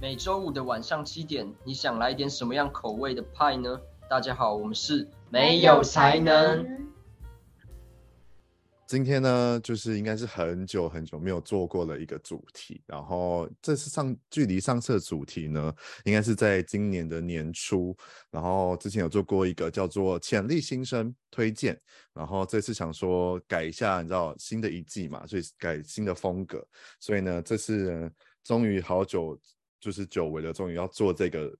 每周五的晚上七點，你想來點什麼樣口味的派呢？大家好，我們是沒有才能。今天呢，就是應該是很久很久沒有做過的一個主題。然後這次，這次上距離上次的主題呢，應該是在今年的年初。然後之前有做過一個叫做“潛力新生推薦”。然後這次想說改一下，你知道新的一季嘛？所以改新的風格。所以呢，這次終於好久。就是久違了，終於要做這個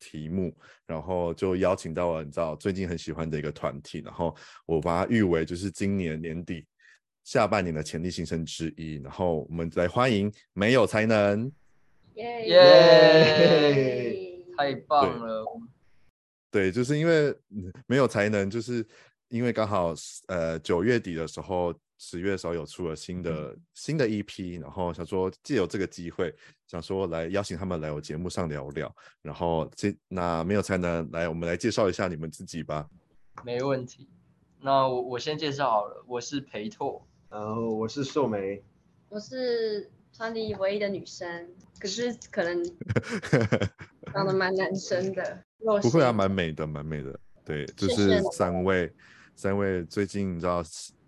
題目，然後就邀請到了你知道最近很喜歡的一個團體，然後我把它譽為就是今年年底下半年的潛力新生之一，然後我們來歡迎沒有才能，耶耶，太棒了，對，對，就是因為沒有才能，就是因為剛好呃九月底的時候。十月的時候有出了新的新的 EP，然後想說借由這個機會，想說來邀請他們來我節目上聊聊。然後這那沒有才能來，我們來介紹一下你們自己吧。沒問題，那我我先介紹好了，我是裴拓，然後我是瘦眉，我是團隊唯一的女生，可是可能長得蠻男生的。 的不會啊，蠻美的，蠻美的，對，就是三位，謝謝三位最近你知道。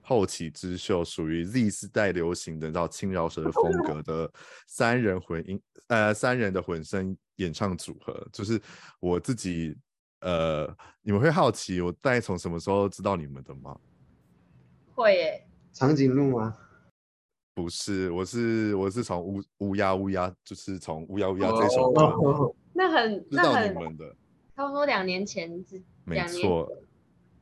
後起之秀，屬於 Z 世代流行等到輕饒舌風格的三人混音 呃三人的混聲演唱組合，就是我自己呃你們會好奇我大概從什麼時候知道你們的嗎？會耶，長頸鹿嗎？不是，我是我是從烏烏鴉烏鴉就是從烏鴉烏鴉這首歌，那很、Oh. 知道你們的，差不多兩年前是，前沒錯。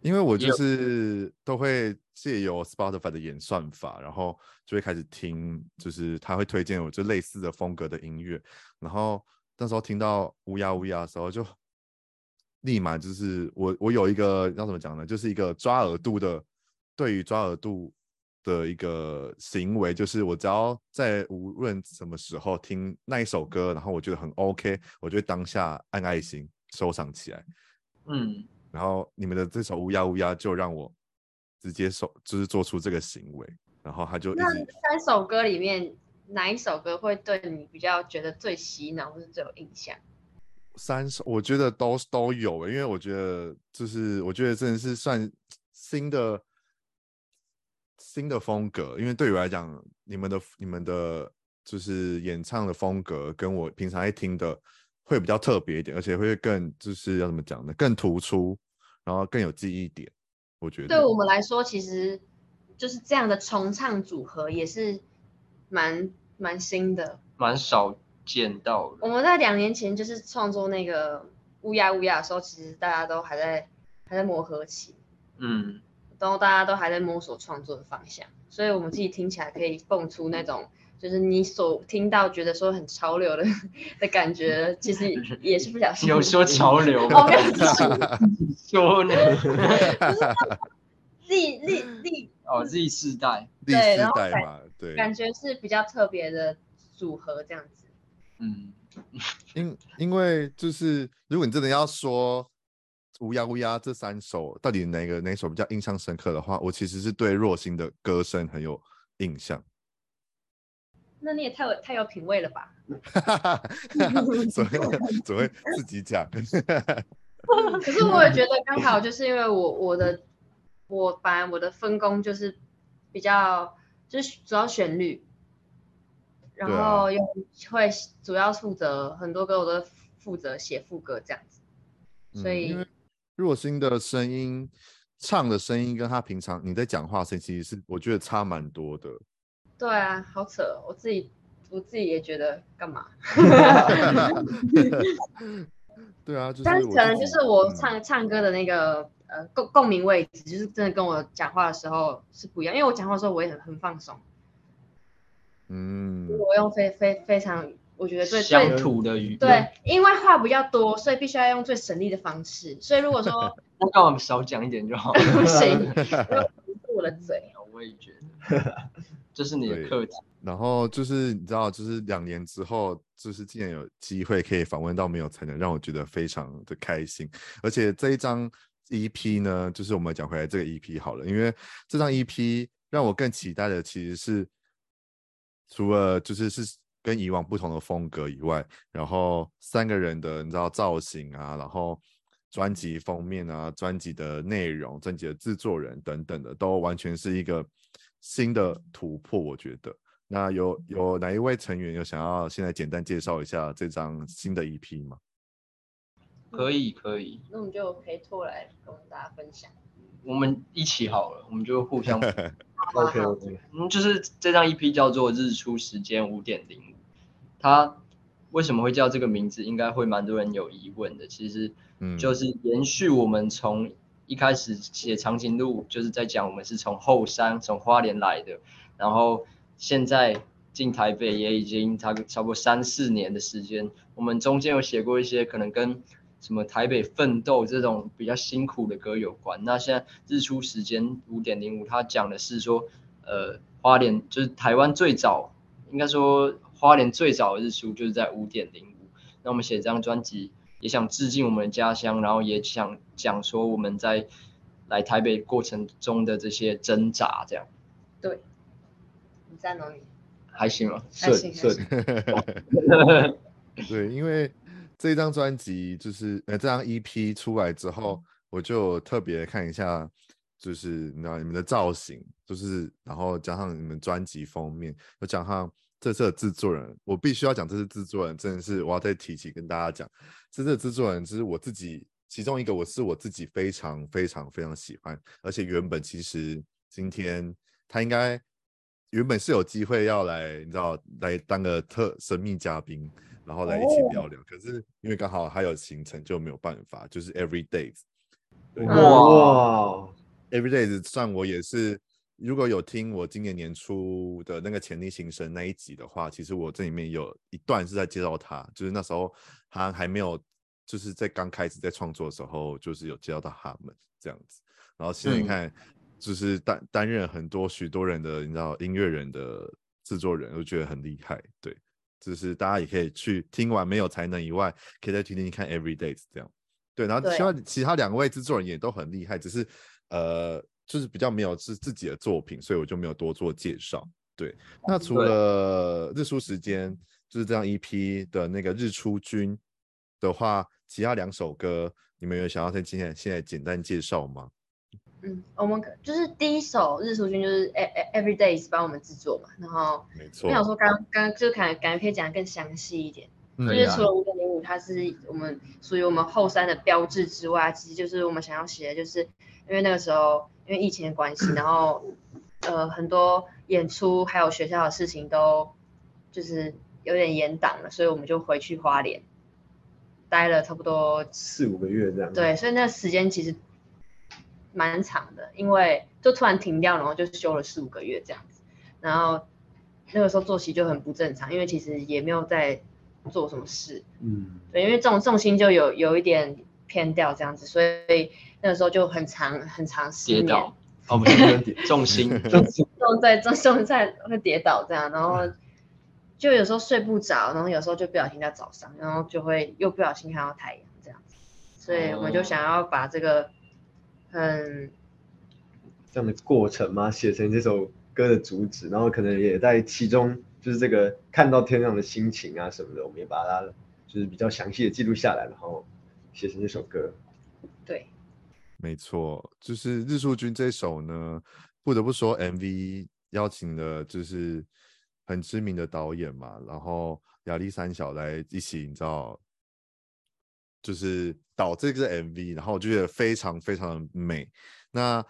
因為我就是都會借由 Spotify 的演算法，然後就會開始聽，就是他會推薦我就類似的風格的音樂。然後那時候聽到《烏鴉烏鴉》的時候，就立馬就是我我有一個要怎麼講呢？就是一個抓耳度的，對於抓耳度的一個行為，就是我只要在無論什麼時候聽那一首歌，然後我覺得很 OK，我就會當下按愛心收藏起來。嗯。然後你們的這首《烏鴉烏鴉》就讓我直接受，就是做出這個行為。然後他就，那三首歌裡面哪一首歌會對你比較覺得最洗腦，或是最有印象？三首我覺得都都有，因為我覺得就是我覺得真的是算新的新的風格，因為對於我來講，你們的你們的就是演唱的風格跟我平常愛聽的。會比較特別一點，而且會更就是要怎麼講呢？更突出，然後更有記憶點，我覺得。對我們來說，其實就是這樣的重唱組合也是蠻蠻新的，蠻少見到的。我們在兩年前就是創作那個烏鴉烏鴉的時候，其實大家都還在還在磨合期，嗯，然後大家都還在摸索創作的方向，所以我們自己聽起來可以蹦出那種，就是你所聽到覺得說很潮流的的感覺，其實也是不小心。 有說潮流、 哦，說立立立哦，Z 世代，Z 世代吧，對，感覺是比較特別的組合這樣子。嗯， 因因為就是如果你真的要說烏鴉烏鴉這三首到底哪個哪首比較印象深刻的話，我其實是對若星的歌聲很有印象。那你也太有太有品味了吧？哈哈哈哈哈！總會總會自己講，哈哈哈可是，我也覺得剛好就是因為我我的我本來我的分工就是比較就是主要旋律，然後又會主要負責很多歌我都負責寫副歌這樣子，所以、嗯、若心的聲音唱的聲音跟他平常你在講話聲其實是我覺得差蠻多的。對啊，好扯，我自己我自己也覺得幹嘛？對啊，就是、但是可能就是我唱唱歌的那個呃共共鳴位置，就是真的跟我講話的時候是不一樣，因為我講話的時候我也很很放鬆。嗯，我用非非非常，我覺得最土的語對、嗯、對，因為話比較多，所以必須要用最省力的方式。所以如果說那 讓我們少講一點就好了 是。不行，堵了嘴。我也覺得。 這是你的課題，然後就是你知道，就是兩年之後，就是竟然有機會可以訪問到沒有才能，讓我覺得非常的開心。而且這一張 EP 呢，就是我們講回來這個 EP 好了，因為這張 EP 讓我更期待的其實是，除了就是是跟以往不同的風格以外，然後三個人的你知道造型啊，然後專輯封面啊，專輯的內容、專輯的制作人等等的，都完全是一個。新的突破，我覺得那有有哪一位成員有想要現在簡單介紹一下這張新的 EP 嗎？可以可以，可以，那我們就可以托來跟大家分享。我們一起好了，我們就互相。 OK OK，嗯，就是這張 EP 叫做《日出時間五點零五》，它為什麼會叫這個名字，應該會蠻多人有疑問的。其實，就是延續我們從。一開始寫長頸鹿，就是在講我們是從後山、從花蓮來的。然後現在進台北也已經差不多差不多三四年的時間。我們中間有寫過一些可能跟什麼台北奮鬥這種比較辛苦的歌有關。那現在日出時間五點零五，它講的是說，呃，花蓮就是台灣最早，應該說花蓮最早的日出就是在五點零五。那我們寫這張專輯。也想致敬我們家鄉，然後也想講說我們在來台北過程中的這些掙扎，這樣。對，你在哪裡？還行嗎？還行還行。對，因為這張專輯就是呃，這張 EP 出來之後，我就特別看一下，就是你知道你們的造型，就是然後加上你們專輯封面，又加上。這次的製作人，我必須要講，這次製作人真的是我要再提起跟大家講，這次的製作人其實我自己其中一個，我是我自己非常非常非常喜歡，而且原本其實今天他應該原本是有機會要來，你知道來當個特神秘嘉賓，然後來一起聊聊，哦、可是因為剛好還有行程就沒有辦法，就是 Everyday，對哇、哦、Everyday 算我也是。如果有聽我今年年初的那個潛力新生那一集的話，其實我這裡面有一段是在介紹他，就是那時候他還沒有，就是在剛開始在創作的時候，就是有介紹到他們這樣子。然後現在你看，嗯、就是擔擔任很多許多人的，你知道音樂人的製作人，我覺得很厲害。對，就是大家也可以去聽完沒有才能以外，可以再聽聽看 Everyday 這樣。對，然後希望其他兩位製作人也都很厲害，只是呃。就是比較沒有自自己的作品，所以我就沒有多做介紹。對，那除了日出時間就是這樣 EP 的那個日出君的話，其他兩首歌你們有想要在今天現在簡單介紹嗎？嗯，我們就是第一首日出君就是 Everydays 幫我們制作嘛，然後沒錯我想說剛剛就感感覺可以講得更詳細一點，嗯、呀就是除了五點零五它是我們屬於我們後山的標志之外，其實就是我們想要寫，就是因為那個時候。因為疫情的關係，然後，呃，很多演出還有學校的事情都就是有點延宕了，所以我們就回去花蓮待了差不多四,四五個月這樣子。對，所以那時間其實蠻長的，因為就突然停掉，然後就休了四五個月這樣子。然後那個時候作息就很不正常，因為其實也沒有在做什麼事。嗯，對，因為這種重心就有有一點。偏掉這樣子，所以那個時候就很長很長時間，跌倒，重心重在重心在會跌倒這樣，然後就有時候睡不着，然後有時候就不小心在早上，然後就會又不小心看到太陽這樣子，所以我們就想要把這個很、哦、這樣的過程嘛，寫成這首歌的主旨，然後可能也在其中就是這個看到天上的心情啊什麼的，我們也把它就是比較詳細的記錄下來，然後。寫成這首歌，對，沒錯，就是日樹君這首呢，不得不說，MV 邀請的就是很知名的導演嘛，然後亞歷山小來一起，你知道，就是導這個 MV，然後我就覺得非常非常美。那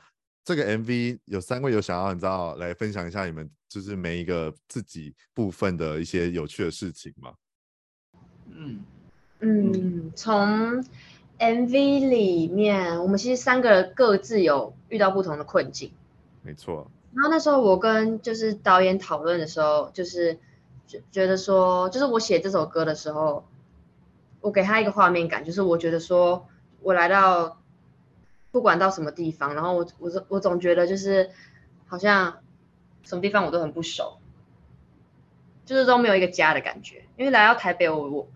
這個 MV 有三位有想要，你知道，來分享一下你們就是每一個自己部分的一些有趣的事情嗎？嗯。嗯，從 MV 裡面，我們其實三個人各自有遇到不同的困境。沒錯。然後那時候我跟就是導演討論的時候，就是覺覺得說，就是我寫這首歌的時候，我給他一個畫面感，就是我覺得說，我來到不管到什麼地方，然後我我我總覺得就是好像什麼地方我都很不熟，就是都沒有一個家的感覺。因為來到台北我，我我。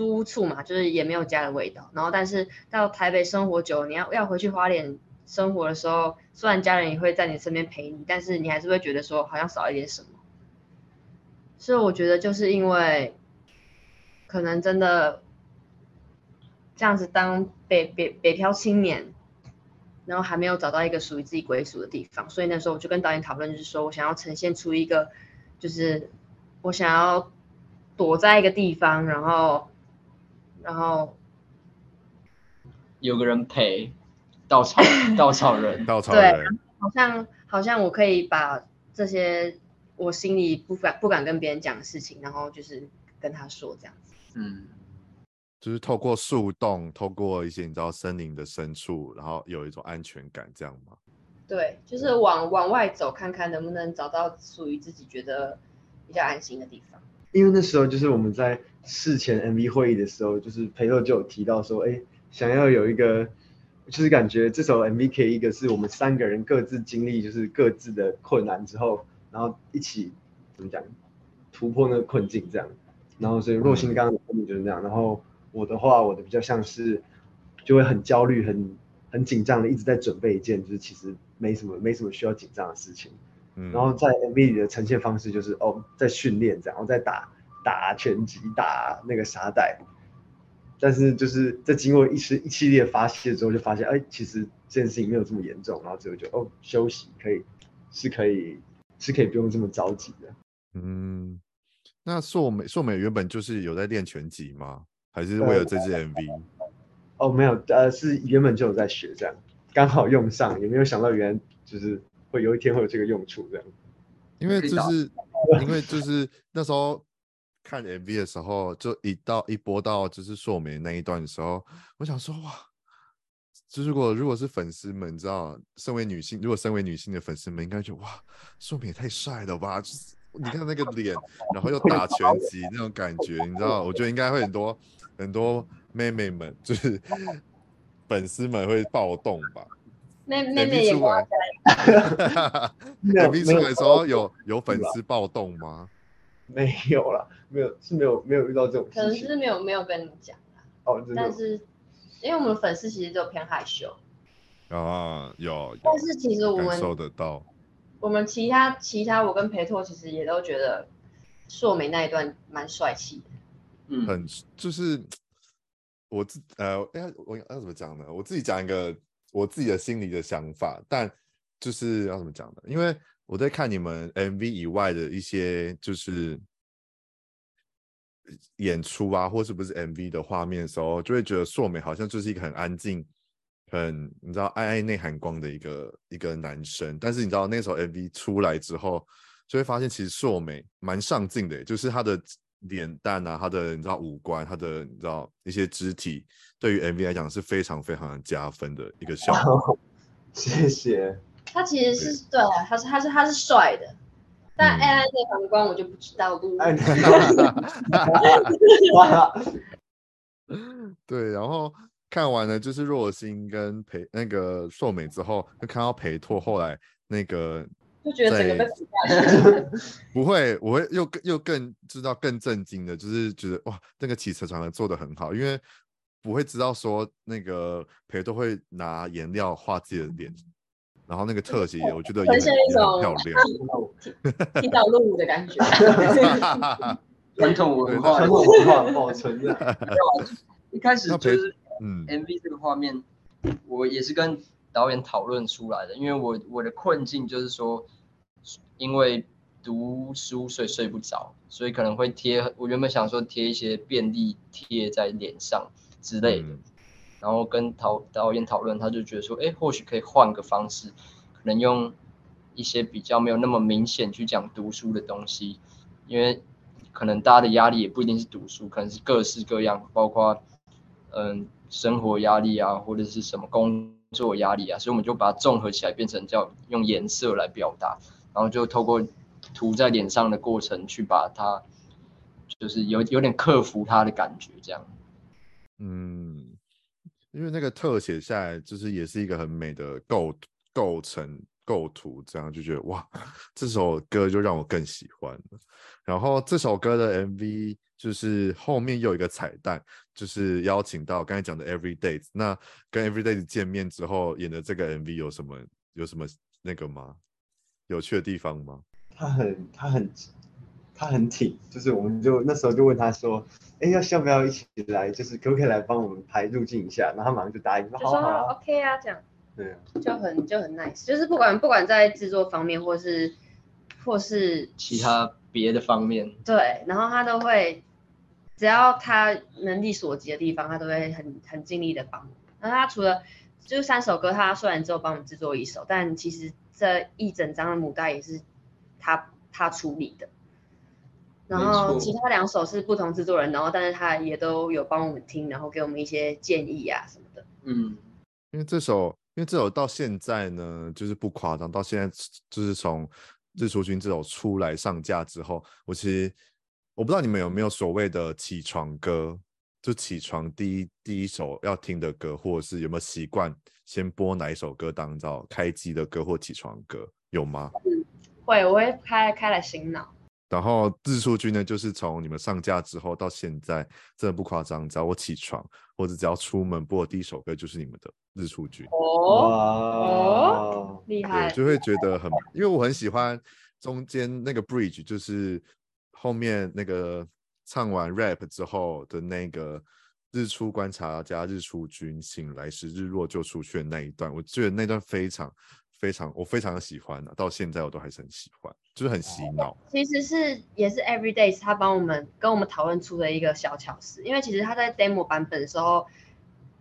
租屋處嘛，就是也沒有家的味道。然後，但是到台北生活久了，你要要回去花蓮生活的時候，雖然家人也會在你身邊陪你，但是你還是會覺得說好像少一點什麼。所以我覺得就是因為可能真的這樣子，當北北北漂青年，然後還沒有找到一個屬於自己歸屬的地方，所以那時候我就跟導演討論，就是說我想要呈現出一個，就是我想要躲在一個地方，然後。然後有個人陪，稻草稻草人，稻草人， 草人對，好像好像我可以把這些我心裡不敢不敢跟別人講的事情，然後就是跟他說這樣子，嗯，就是透過樹洞，透過一些你知道森林的深處，然後有一種安全感這樣嗎？對，就是往往外走看看能不能找到屬於自己覺得比較安心的地方，因為那時候就是我們在。事前 MV 會議的時候，就是裴樂就有提到說，哎，想要有一個，就是感覺這首 MV 可以一個是我們三個人各自經歷，就是各自的困難之後，然後一起怎麼講突破那個困境這樣。然後所以若心剛剛的封面就是那樣。嗯。然後我的話，我的比較像是就會很焦慮、很很緊張的一直在準備一件，就是其實沒什麼沒什麼需要緊張的事情。嗯。然後在 MV 裡的呈現方式就是哦，在訓練這樣，然後在打。打拳擊，打那個沙袋，但是就是在經過一次一系列發洩之後，就發現哎、欸，其實這件事情沒有這麼嚴重，然後最後就哦，休息可以，是可以，是可以不用這麼着急的。嗯，那碩美碩美原本就是有在練拳擊嗎？還是為了這支 MV？哦、喔，沒有，呃，是原本就有在學這樣，剛好用上，也沒有想到原來就是會有一天會有這個用處這樣。因為就是，打因為就是 那時候。看 MV 的時候，就一到一播到就是素敏那一段的時候，我想說哇，就是如果如果是粉絲們，你知道，身為女性，如果身為女性的粉絲們，應該就哇，素敏也太帥了吧！就是，你看那個臉，然後又打拳擊 那種感覺，你知道，我覺得應該會很多很多妹妹們，就是粉絲們會暴動吧？妹妹出來 ，MV 出來的時候有有粉絲暴動嗎？沒有啦，沒有是沒有沒有遇到這種，可能是沒有沒有跟你講啊。哦，但是因為我們的粉絲其實就偏害羞啊，有。有但是其實我們感受得到，我們其他其他我跟裴拓其實也都覺得碩美那一段蠻帥氣的。嗯，很就是我自呃，哎，我要怎麼講呢？我自己講一個我自己的心裡的想法，但就是要怎麼講呢？因為。我在看你們 MV 以外的一些，就是演出啊，或是不是 MV 的畫面的時候，就會覺得碩美好像就是一個很安靜、很你知道曖曖內含光的一個一個男生。但是你知道那時候 MV 出來之後，就會發現其實碩美蠻上鏡的，就是他的臉蛋啊，他的你知道五官，他的你知道一些肢體，對於 MV 來講是非常非常加分的一個效果。Oh, 謝謝。他其實是對，對、啊，他是他是他是帥的，嗯、但 AI 的反光我就不知道。對，然後看完了就是若星跟裴那個瘦美之後，就看到裴拓，後來那個就覺得這個不會，我會又更又更知道更震驚的，就是覺得哇，那個汽車廠商做得很好，因為不會知道說那個裴拓會拿顏料畫自己的臉。 然後那個特寫，我覺得也很漂亮，種、嗯，早、嗯、錄、嗯、的感覺，傳統 文化，傳統文化保存。一開始就是 MV 這個畫面，嗯、我也是跟導演討論出來的，因為我我的困境就是說，因為讀書所以睡不着，所以可能會貼，我原本想說貼一些便利貼在臉上之類的。嗯然後跟導導演討論，他就覺得說，哎，或許可以換個方式，可能用一些比較沒有那麼明顯去講讀書的東西，因為可能大家的壓力也不一定是讀書，可能是各式各樣，包括嗯、呃、生活壓力啊，或者是什麼工作壓力啊，所以我們就把它綜合起來，變成叫用顏色來表達，然後就透過塗在臉上的過程去把它，就是有有點克服它的感覺這樣，嗯。因為那個特寫下來，就是也是一個很美的構構成構圖，這樣就覺得，哇，這首歌就讓我更喜歡了。然後這首歌的 MV 就是後面又有一個彩蛋，就是邀請到剛才講的 Everyday 那跟 Everyday 見面之後演的這個 MV 有什麼有什麼那個嗎？有趣的地方嗎？他很他很。他很他很挺，就是我們就那時候就問他說，哎，要要不要一起來，就是可不可以來幫我們拍入鏡一下？然後他馬上就答應，說好，好，好，OK 啊，這樣。對啊，就很就很 nice，就是不管不管在制作方面或，或是或是其他別的方面，對，然後他都會，只要他能力所及的地方，他都會很很盡力的幫。那他除了就三首歌，他雖然只有幫我們制作一首，但其實這一整張的母帶也是他他處理的。然後其他兩首是不同制作人，然後但是他也都有幫我們聽，然後給我們一些建議啊什麼的。嗯，因為這首，因為這首到現在呢，就是不誇張，到現在就是從日出君這首出來上架之後，我其實我不知道你們有沒有所謂的起床歌，就起床第一第一首要聽的歌，或者是有沒有習慣先播哪一首歌當作開機的歌或起床歌，有嗎？嗯，會，我會開開來醒腦。然後日出君呢，就是從你們上架之後到現在，真的不誇張，只要我起床或者只要出門，播的第一首歌就是你們的日出君。哦、oh, oh, 對厲害！就會覺得很，因為我很喜歡中間那個 bridge，就是後面那個唱完 rap 之後的那個日出觀察加日出君醒來時日落就出去的那一段，我覺得那段非常。非常，我非常的喜歡，到現在我都還是很喜歡，就是很洗腦。其實是也是 Everydays 他幫我們跟我們討論出的一個小巧思，因為其實他在 demo 版本的時候，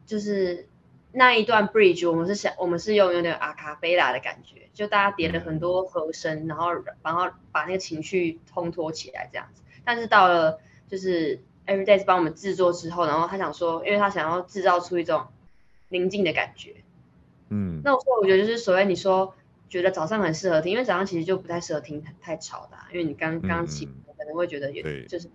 就是那一段 bridge 我們是想，我們是用有點阿卡貝拉的感覺，就大家疊了很多和聲，然後、嗯、然後把那個情緒烘托起來這樣子。但是到了就是 Everydays 幫我們制作之後，然後他想說，因為他想要制造出一種寧靜的感覺。嗯，那我說我覺得就是所謂你說覺得早上很適合聽，因為早上其實就不太適合聽太吵的、啊，因為你剛、嗯、剛起可能會覺得也就是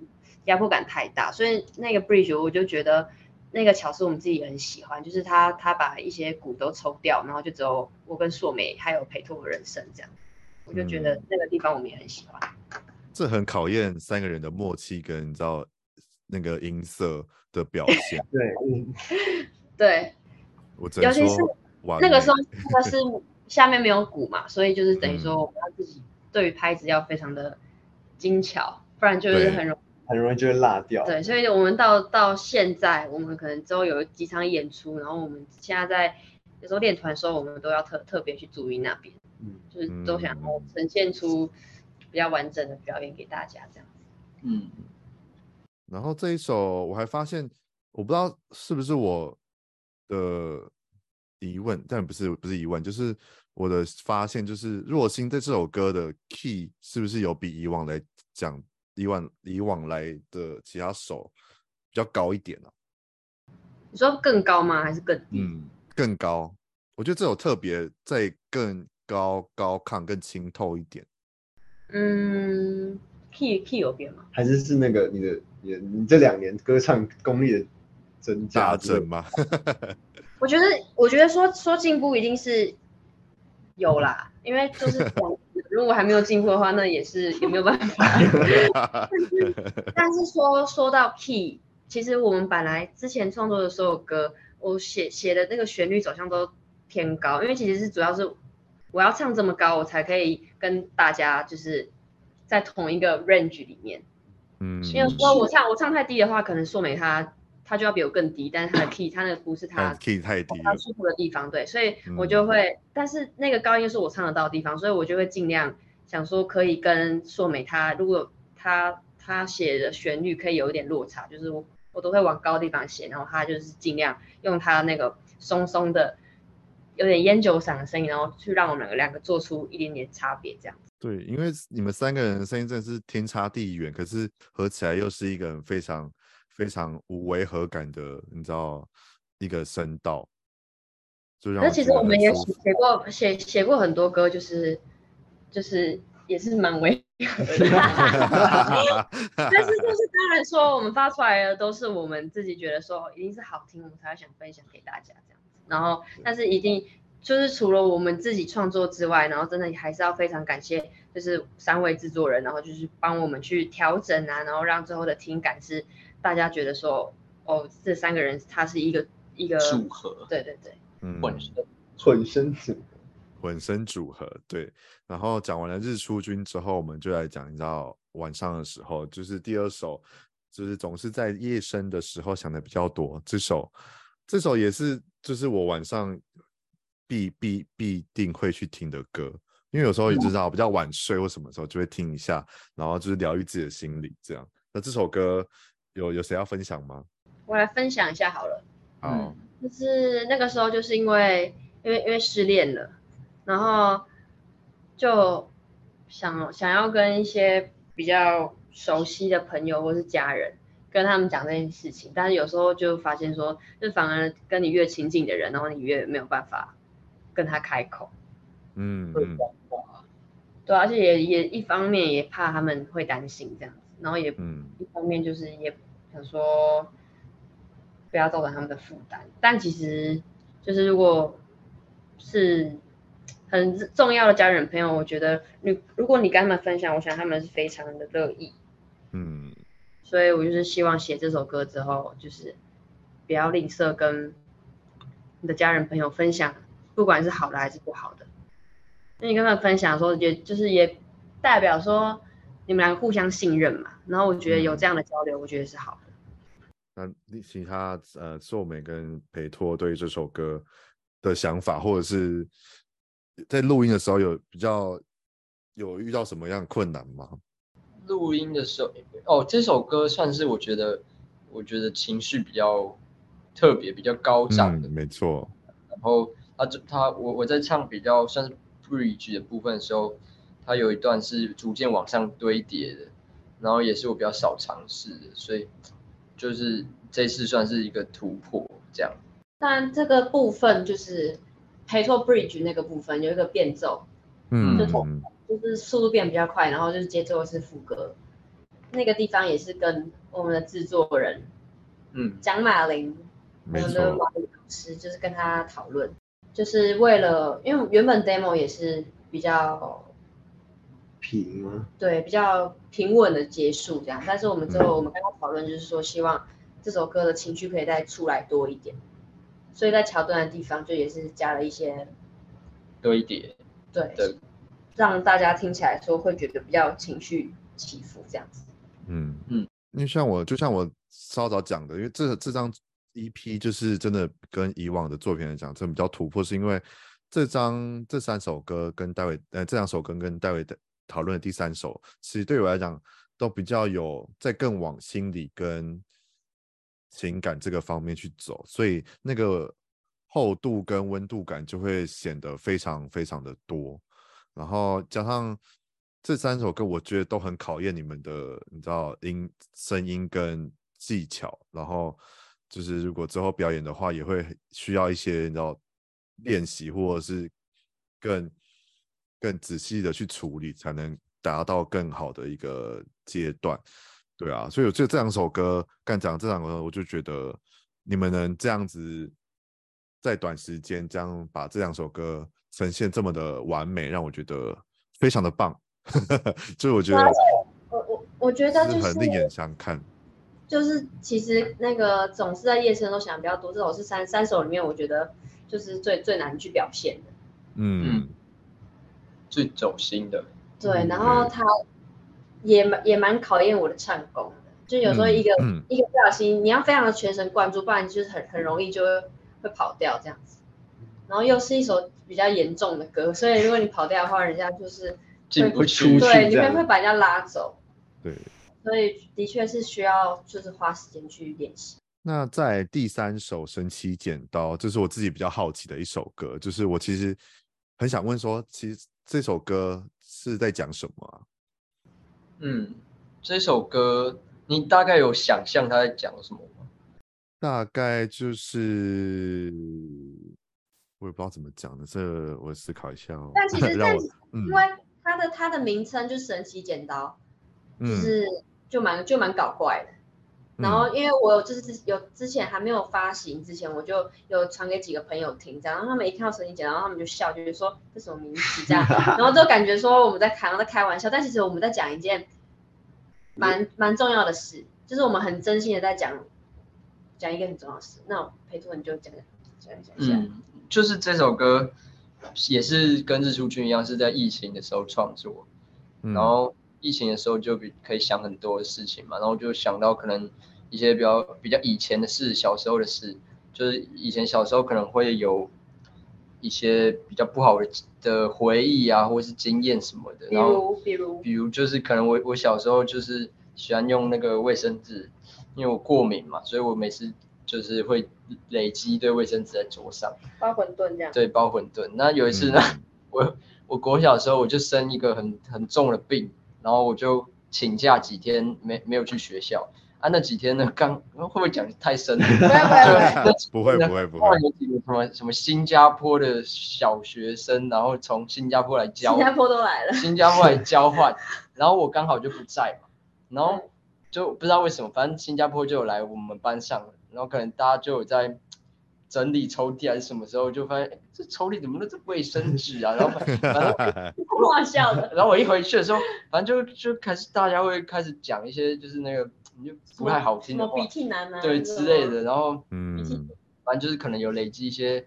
壓迫感太大。對所以那個 bridge 我就覺得那個橋是我們自己也很喜歡，就是他他把一些鼓都抽掉，然後就只有我跟碩美還有裴拓的人聲這樣，我就覺得那個地方我們也很喜歡、嗯。這很考驗三個人的默契跟你知道那個音色的表現。 對，嗯、對，我只能說。尤其是那個時候它是下面沒有鼓嘛， 所以就是等於說我們要自己對拍子要非常的精巧，不然就是很容很容易對對就會落掉。對，所以我們到到現在，我們可能之後有幾場演出，然後我們現在在有時候練團的時候，我們都要特特別去注意那邊，嗯，就是都想要呈現出比較完整的表演給大家這樣子。嗯，然後這一首我還發現，我不知道是不是我的。疑問，但不是、不是疑問，就是我的發現，就是若星在這首歌的 key 是不是有比以往來講，以往、以往來的其他首比較高一點呢？啊，你說更高嗎？還是更低？嗯，更高。我覺得這首特別再更高，高亢更清透一點。嗯，key key 有變嗎？還是是那個你的你你這兩年歌唱功力的增加正嗎？ 我覺得，我覺得說說進步一定是有啦，因為就是，如果還沒有進步的話， 那也是有沒有辦法 但是，但是說說到 key，其實我們本來之前創作的所有歌，我寫寫的那個旋律走向都偏高，因為其實是主要是我要唱這麼高，我才可以跟大家就是在同一個 range 裡面。嗯，因為說我唱是我唱太低的話，可能說沒他。他就要比我更低，但是他的 key，他那個不是他的 key 太低，他舒服的地方對，所以我就會，嗯，但是那個高音是我唱得到的地方，所以我就會盡量想說可以跟碩美他，如果他他寫的旋律可以有一點落差，就是我我都會往高的地方寫，然後他就是盡量用他那個鬆鬆的、有點菸酒嗓的聲音，然後去讓我們兩個做出一點點差別這樣。對，因為你們三個人的聲音真的是天差地遠，可是合起來又是一個很非常，非常無違和感的，你知道，一個聲道，那其實我們也寫過寫寫過很多歌，就是就是也是蠻違和的。但是就是當然說，我們發出來的都是我們自己覺得說一定是好聽，我們才會想分享給大家這樣子。然後，但是一定就是除了我們自己創作之外，然後真的還是要非常感謝，就是三位制作人，然後就是幫我們去調整啊，然後讓最後的聽感是。大家覺得說，哦，這三個人他是一個一個組合，對對對，嗯，混聲混聲組合，混聲組合，對。然後講完了日出君之後，我們就來講一下晚上的時候，就是第二首，就是總是在夜深的時候想的比較多。這首，這首也是就是我晚上必必必定會去聽的歌，因為有時候也知道比較晚睡或什麼時候就會聽一下，然後就是療癒自己的心理這樣。那這首歌。有有誰要分享嗎？我來分享一下好了。哦、oh. 嗯，就是那個時候，就是因為因為因為失戀了，然後就想想要跟一些比較熟悉的朋友或是家人跟他們講這件事情，但是有時候就發現說，就反而跟你越親近的人，然後你越沒有辦法跟他開口，嗯、mm，會、hmm. 對，而且、啊、也也一方面也怕他們會擔心這樣。然後也，嗯，一方面就是也想說，不要造成他們的負擔。但其實就是如果，是很重要的家人朋友，我覺得你如果你跟他們分享，我想他們是非常的樂意，嗯。所以我就是希望寫這首歌之後，就是不要吝嗇跟你的家人朋友分享，不管是好的還是不好的。那你跟他們分享的時候也，也就是也代表說。你們倆互相信任嘛，然後我覺得有這樣的交流，我覺得是好的。嗯、那其他呃，周美跟裴托對於這首歌的想法，或者是在錄音的時候有比較有遇到什麼樣困難嗎？錄音的時候哦，這首歌算是我覺得我覺得情緒比較特別，比較高漲的，嗯，沒錯。然後、啊、就他他我我在唱比較算是 r 一致的部分的時候。.它有一段是逐漸往上堆疊的，然後也是我比較少嘗試的，所以就是這次算是一個突破這樣。但這個部分就是《Petal Bridge》那個部分有一個變奏，嗯，就是，就是速度變比較快，然後就是節奏是副歌，那個地方也是跟我們的製作人，嗯，蔣馬林，沒錯，我們的老師，就是跟他討論，就是為了因為原本 Demo 也是比較。平嗎？對，比較平穩的結束這樣，但是我們之後我們剛剛討論就是說，希望這首歌的情緒可以再出來多一點，所以在橋段的地方就也是加了一些多一點，對對，對讓大家聽起來說會覺得比較情緒起伏這樣子。嗯嗯，嗯，因為像我就像我稍早講的，因為這這張 EP 就是真的跟以往的作品來講，真的比較突破是因為這張這三首歌跟戴維，呃，這兩首歌跟戴維的。討論的第三首，其實對我來講都比較有在更往心理跟情感這個方面去走，所以那個厚度跟溫度感就會顯得非常非常的多。然後加上這三首歌，我覺得都很考驗你們的，你知道音聲音跟技巧。然後就是如果之後表演的話，也會需要一些，你知道練習或者是更。更仔細的去處理，才能達到更好的一個階段，對啊，所以我覺得這兩首歌，剛講這兩首歌，我就覺得你們能這樣子在短時間這樣把這兩首歌呈現這麼的完美，讓我覺得非常的棒，所 以我覺得我我我覺得就是很另眼相看，就是其實那個總是在夜深都想的比較多，這種是三三首裡面我覺得就是最最難去表現的，嗯。嗯最走心的，對，嗯、然後他也蠻也蠻考驗我的唱功的，就有時候一個、嗯嗯、一個不小心，你要非常的全神貫注，不然你就是很很容易就會會跑調這樣子。然後又是一首比較嚴重的歌，所以如果你跑調的話， 人家就是會進不出去，對，你們會把人家拉走。對，所以的確是需要就是花時間去練習。那在第三首《神奇剪刀》就，這是我自己比較好奇的一首歌，就是我其實很想問說，其實。這首歌是在講什麼啊？嗯，這首歌你大概有想象他在講什麼嗎？大概就是我也不知道怎麼講的，這我思考一下哦。但其實，我，但因為它的它，嗯，的名稱就是神奇剪刀，就是就蠻，嗯，就蠻就蠻搞怪的。嗯、然後，因為我就是有之前還沒有發行之前，我就有傳給幾個朋友聽，這樣，然後他們一聽到聲音講，然後他們就笑，就是說這什麼名字這樣， 然後就感覺說我們在開，在開玩笑，但其實我們在講一件蠻，蠻蠻重要的事，嗯、就是我們很真心的在講，講一個很重要的事。那裴托你就講講一下。講一下。就是這首歌也是跟《日出君》一樣，是在疫情的時候創作，嗯、然後。疫情的時候就比可以想很多事情嘛，然後就想到可能一些比較比較以前的事，小時候的事，就是以前小時候可能會有一些比較不好的的回憶啊，或是經驗什麼的。然後比如比如比如就是可能我我小時候就是喜歡用那個衛生紙，因為我過敏嘛，所以我每次就是會累積一堆衛生紙在桌上，包餛飩這樣。對，包餛飩。那有一次呢，嗯、我我國小的時候我就生一個很很重的病。然後我就請假幾天，沒沒有去學校啊，那幾天呢？剛，會不會講得太深？不會不會不會。後來有幾個什麼什麼新加坡的小學生，然後從新加坡來教，新加坡都來了，新加坡來交換， 然後我剛好就不在嘛，然後就不知道為什麼，反正新加坡就有來我們班上，然後可能大家就有在。整理抽屜還是什麼時候就發現、欸、這抽屜怎麼都是衛生紙啊？然後哈哈，哈哈，然後我一回去的時候，反正就就開始大家會開始講一些就是那個你就不太好聽的話，什麼鼻涕男、啊、對之類的。嗯、然後嗯，反正就是可能有累積一些，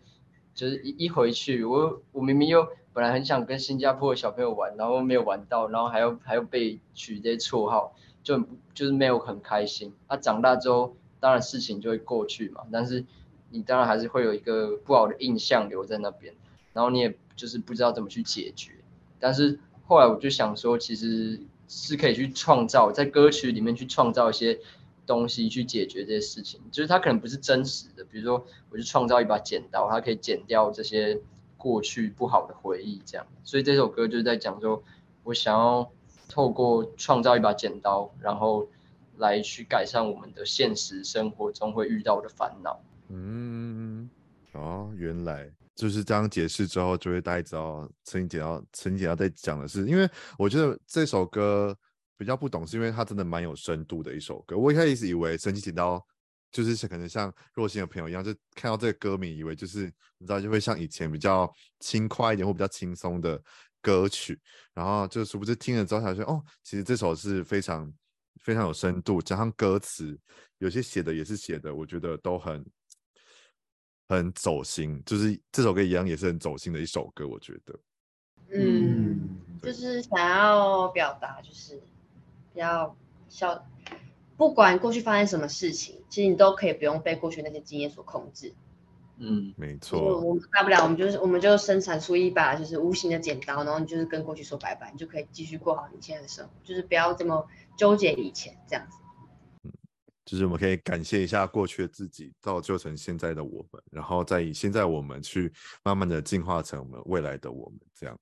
就是一一回去我我明明又本來很想跟新加坡的小朋友玩，然後沒有玩到，然後還要還要被取這些綽號，就就是沒有很開心。他、啊、長大之後當然事情就會過去嘛，但是。你當然還是會有一個不好的印象留在那邊，然後你也就是不知道怎麼去解決。但是後來我就想說，其實是可以去創造，在歌曲裡面去創造一些東西去解決這些事情。就是它可能不是真實的，比如說，我去創造一把剪刀，它可以剪掉這些過去不好的回憶，這樣。所以這首歌就是在講說，我想要透過創造一把剪刀，然後來去改善我們的現實生活中會遇到的煩惱。嗯，哦，原來就是這樣解釋之後，就會帶着曾經陳姐要陳姐要再講的是，因為我覺得這首歌比較不懂，是因為它真的蠻有深度的一首歌。我一開始以為神奇剪刀就是可能像若心的朋友一樣，就看到這個歌名，以為就是你知道就會像以前比較輕快一點或比較輕鬆的歌曲，然後就殊不知聽了之後才說哦，其實這首是非常非常有深度，加上歌詞有些寫的也是寫的，我覺得都很。很走心，就是這首歌一樣，也是很走心的一首歌，我覺得。嗯，就是想要表達，就是不要，小，不管過去發生什麼事情，其實你都可以不用被過去那些經驗所控制。嗯，沒錯。我們大不了，我們就是我們就生產出一把就是無形的剪刀，然後你就是跟過去說拜拜，你就可以繼續過好你現在的生活，就是不要這麼糾結以前這樣子。就是我們可以感謝一下過去的自己，造就成現在的我們，然後再以現在我們去慢慢的進化成我們未來的我們，這樣。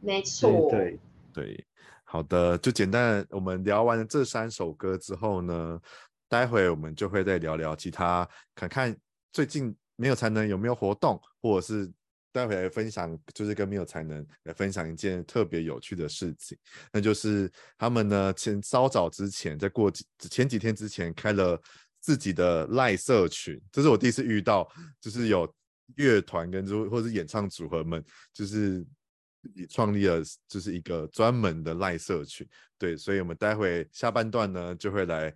沒錯。對對，對，好的，就簡單。我們聊完了這三首歌之後呢，待會我們就會再聊聊其他，看看最近沒有才能有沒有活動，或者是。待會來分享，就是跟沒有才能來分享一件特別有趣的事情，那就是他們呢，前稍早之前，在過幾前幾天之前開了自己的賴社群，這是我第一次遇到，就是有樂團跟或者是演唱組合們，就是創立了就是一個專門的賴社群，對，所以我們待會下半段呢就會來。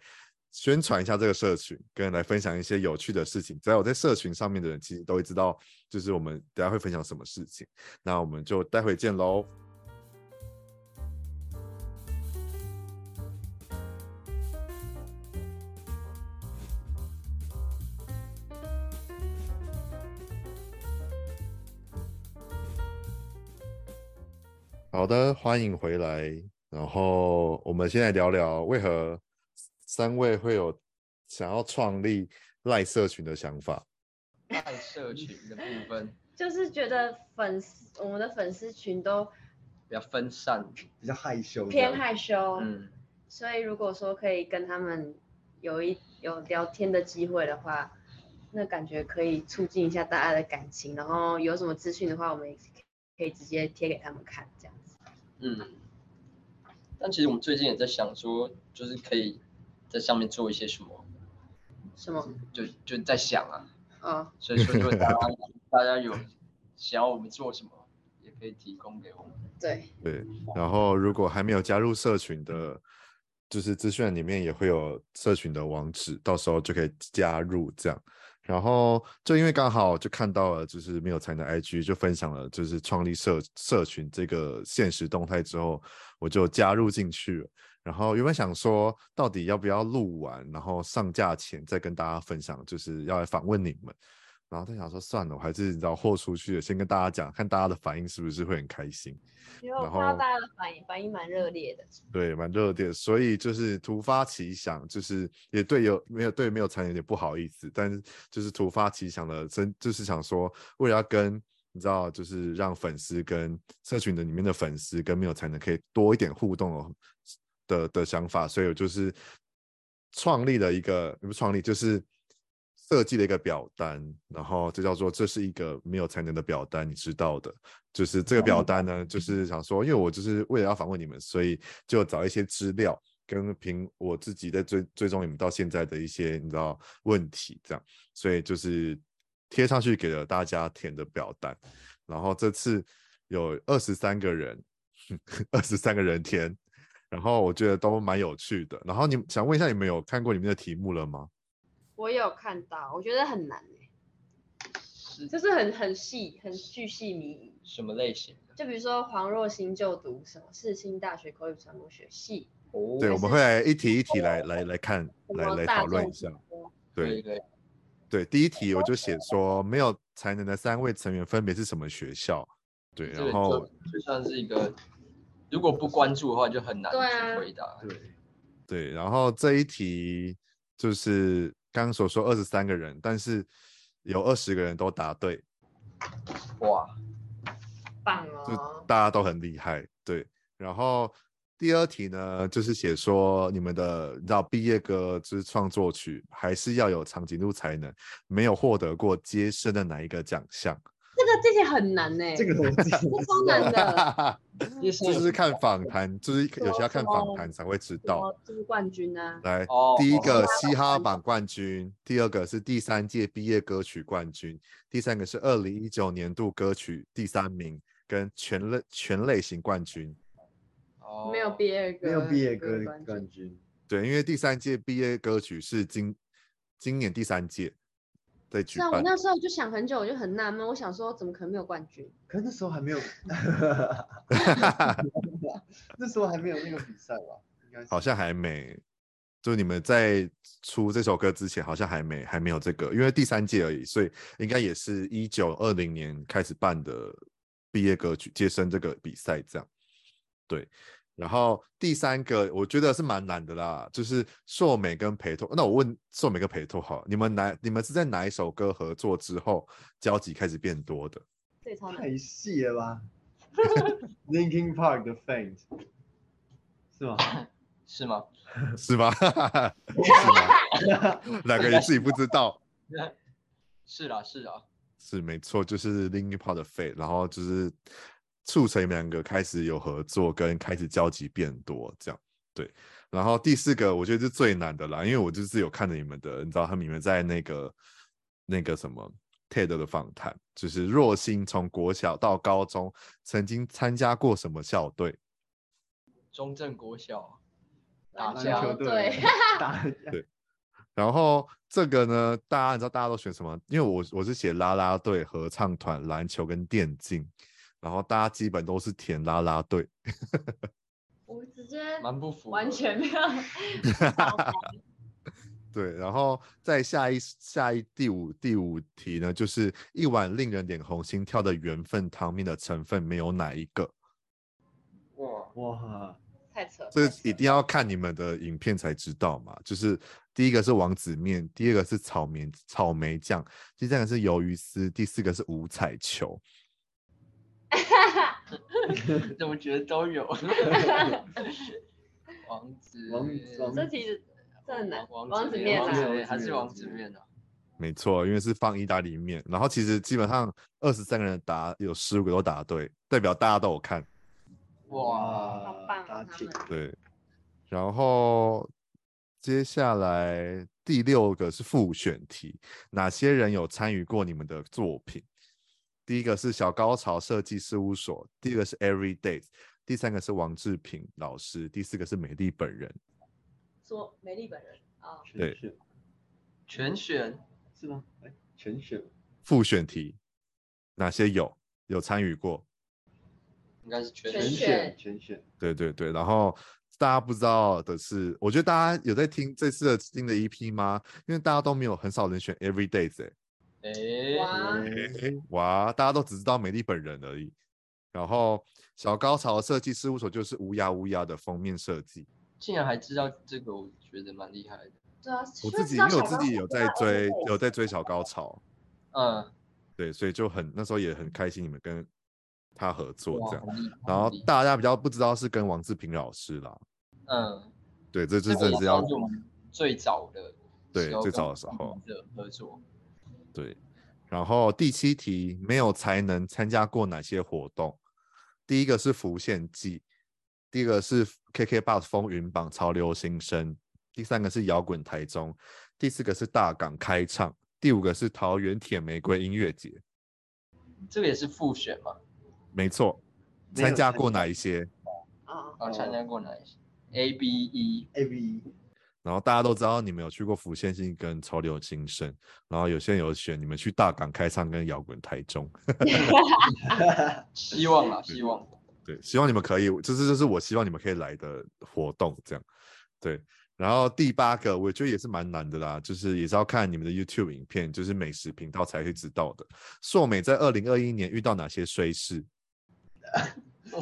宣傳一下這個社群，跟人來分享一些有趣的事情。只要在社群上面的人，其實都會知道，就是我們大家會分享什麼事情。那我們就待會見嘍。 好的，歡迎回來。然後我們先來聊聊為何三位會有想要創立賴社群的想法？賴社群的部分 就是覺得粉絲，我們的粉絲群都比較分散，比較害羞，偏害羞。嗯，所以如果說可以跟他們有一有聊天的機會的話，那感覺可以促進一下大家的感情。然後有什麼資訊的話，我們也可以直接貼給他們看，這樣子。嗯，但其實我們最近也在想說，就是可以。在上面做一些什麼？什麼嗎？就就在想啊啊。所以說，就大家 大家有想要我們做什麼，也可以提供給我們。對對。然後，如果還沒有加入社群的，嗯、就是資訊裡面也會有社群的網址，嗯、到時候就可以加入。這樣。然後，就因為剛好就看到了，就是沒有才能 IG，就分享了，就是創立社社群這個現實動態之後，我就加入進去了。然後原本想說，到底要不要錄完，然後上架前再跟大家分享，就是要來訪問你們。然後他想說，算了，我還是你知道豁出去了，先跟大家講，看大家的反應是不是會很開心。因為我看到大家的反應反應蠻熱烈的，對，蠻熱烈的。所以就是突發奇想，就是也對有沒有對沒有才能有點不好意思，但是就是突發奇想的真就是想說，為了要跟你知道就是讓粉絲跟社群的裡面的粉絲跟沒有才能可以多一點互動哦。的的想法，所以我就是創立了一個，不創立就是設計了一個表單，然後這叫做這是一個沒有才能的表單，你知道的，就是這個表單呢，就是想說，因為我就是為了要訪問你們，所以就找一些資料跟憑我自己在追追蹤你們到現在的一些你知道問題這樣，所以就是貼上去給了大家填的表單，然後這次有二十三個人，二十三個人填。然後我覺得都蠻有趣的。然後你想問一下，你們有看過裡面的題目了嗎？我有看到，我覺得很難、欸、就是很很細、很巨細靡遺。什麼類型的？就比如說黃若欣就讀什麼世新大學口語傳播學系。哦、是對，我們會來一題一題來、哦、來來,來看，來來討論一下。對對，第一題我就寫說，沒有才能的三位成員分別是什麼學校？對，然後就算是一個。如果不關注的話，就很難回答。對，啊、對，對，然後這一題就是剛剛所說二十三個人，但是有二十個人都答對，哇，棒哦，就大家都很厲害。對，然後第二題呢，就是寫說你們的到畢業歌之、就是、創作曲，還是要有長頸鹿才能沒有獲得過街聲的哪一個獎項？那這，這些很難誒、欸，這個東西超難的， 也是很難，就是看訪談，就是有些要看訪談才會知道。這是冠軍啊！來，哦、第一個、哦、嘻哈榜冠軍，第二個是第三屆畢業歌曲冠軍，第三個是二零一九年度歌曲第三名跟全類全類型冠軍。哦、沒有畢業歌，沒有畢業歌冠軍。對，因為第三屆畢業歌曲是今今年第三屆。對，在是啊，我那時候我就想很久，我就很納悶，我想說，怎麼可能沒有冠軍？可是那時候還沒有， 那時候還沒有那個比賽吧？應該好像還沒，就你們在出這首歌之前，好像還沒還沒有這個，因為第三屆而已，所以應該也是一九二零年開始辦的畢業歌曲接生這個比賽，這樣對。然後第三個，我覺得是蠻難的啦，就是碩美跟培拓。那我問碩美跟培拓哈，你們哪你們是在哪一首歌合作之後交集開始變多的？太細了吧 ！Linkin Park 的 Faint 是嗎？是嗎？是嗎？是嗎？兩個人自己不知道。 是啦、啊，是啦、啊，是、啊、是沒錯，就是 Linkin Park 的 Faint，然後就是。促成你們兩個開始有合作，跟開始交集變多，這樣對。然後第四個，我覺得是最難的啦，因為我就是有看到你們的，你知道，你們在那個那個什麼 TED 的訪談，就是若新從國小到高中曾經參加過什麼校隊？中正國小籃球隊，對，然後這個呢，大家你知道大家都選什麼？因為我我是寫啦啦隊、合唱團、籃球跟電競。然後大家基本都是填啦啦隊，我直接蠻不服，完全沒有。 對，然後再下一下一第五第五題呢，就是一碗令人臉紅心跳的緣分湯麵的成分沒有哪一個？哇哇太，太扯！這一定要看你們的影片才知道嘛。就是第一個是王子麵，第二個是草莓草莓醬，第三個是魷魚絲，第四個是五彩球。 怎麼覺得都有？ 王子，王子，王子這題這很難王，王子麵的還是王子麵的？沒錯，因為是放義大利麵，然後其實基本上二十三個人答有十五個都答對，代表大家都有看。哇，哇，好棒啊！們對，然後接下來第六個是複選題，哪些人有參與過你們的作品？第一個是小高潮設計事務所，第二個是 Everyday，第三個是王治平老師，第四個是美麗本人。說美麗本人啊？哦、對全選是，欸，全選，選是嗎？哎，全選，複選題哪些有有參與過？應該是全選全選對對對。然後大家不知道的是，我覺得大家有在聽這次的新的 EP 嗎？因為大家都沒有很少人選 Everyday 哎，欸。欸、哇、欸、哇！大家都只知道美麗本人而已，然後小高潮設計事務所就是烏鴉烏鴉的封面設計，竟然還知道這個，我覺得蠻厲害的。對啊，我自己因為我自己有在追，嗯、有在追小高潮。嗯，對，所以就很那時候也很開心，你們跟他合作這樣，然後大家比較不知道是跟王志平老師啦。嗯，對，這就是真的這這是要最早的，對，最早的時候的合作。對，然後第七題沒有才能參加過哪些活動？第一個是浮現祭，第二個是 KKBOX 風雲榜潮流新生，第三個是搖滾台中，第四個是大港開唱，第五個是桃園鐵玫瑰音樂節。嗯、這個也是複選嗎？沒錯，參加過哪一些？啊啊、哦、參加過哪一些？A、B、E、A、B、e.。然後大家都知道你們有去過福縣新跟潮流新生，然後有些人有選你們去大港開唱跟搖滾台中， 希望啊，希望對，對，希望你們可以，就是就是我希望你們可以來的活動這樣，對。然後第八個我覺得也是蠻難的啦，就是也是要看你們的 YouTube 影片，就是美食頻道才會知道的。碩美在二零二一年遇到哪些衰事？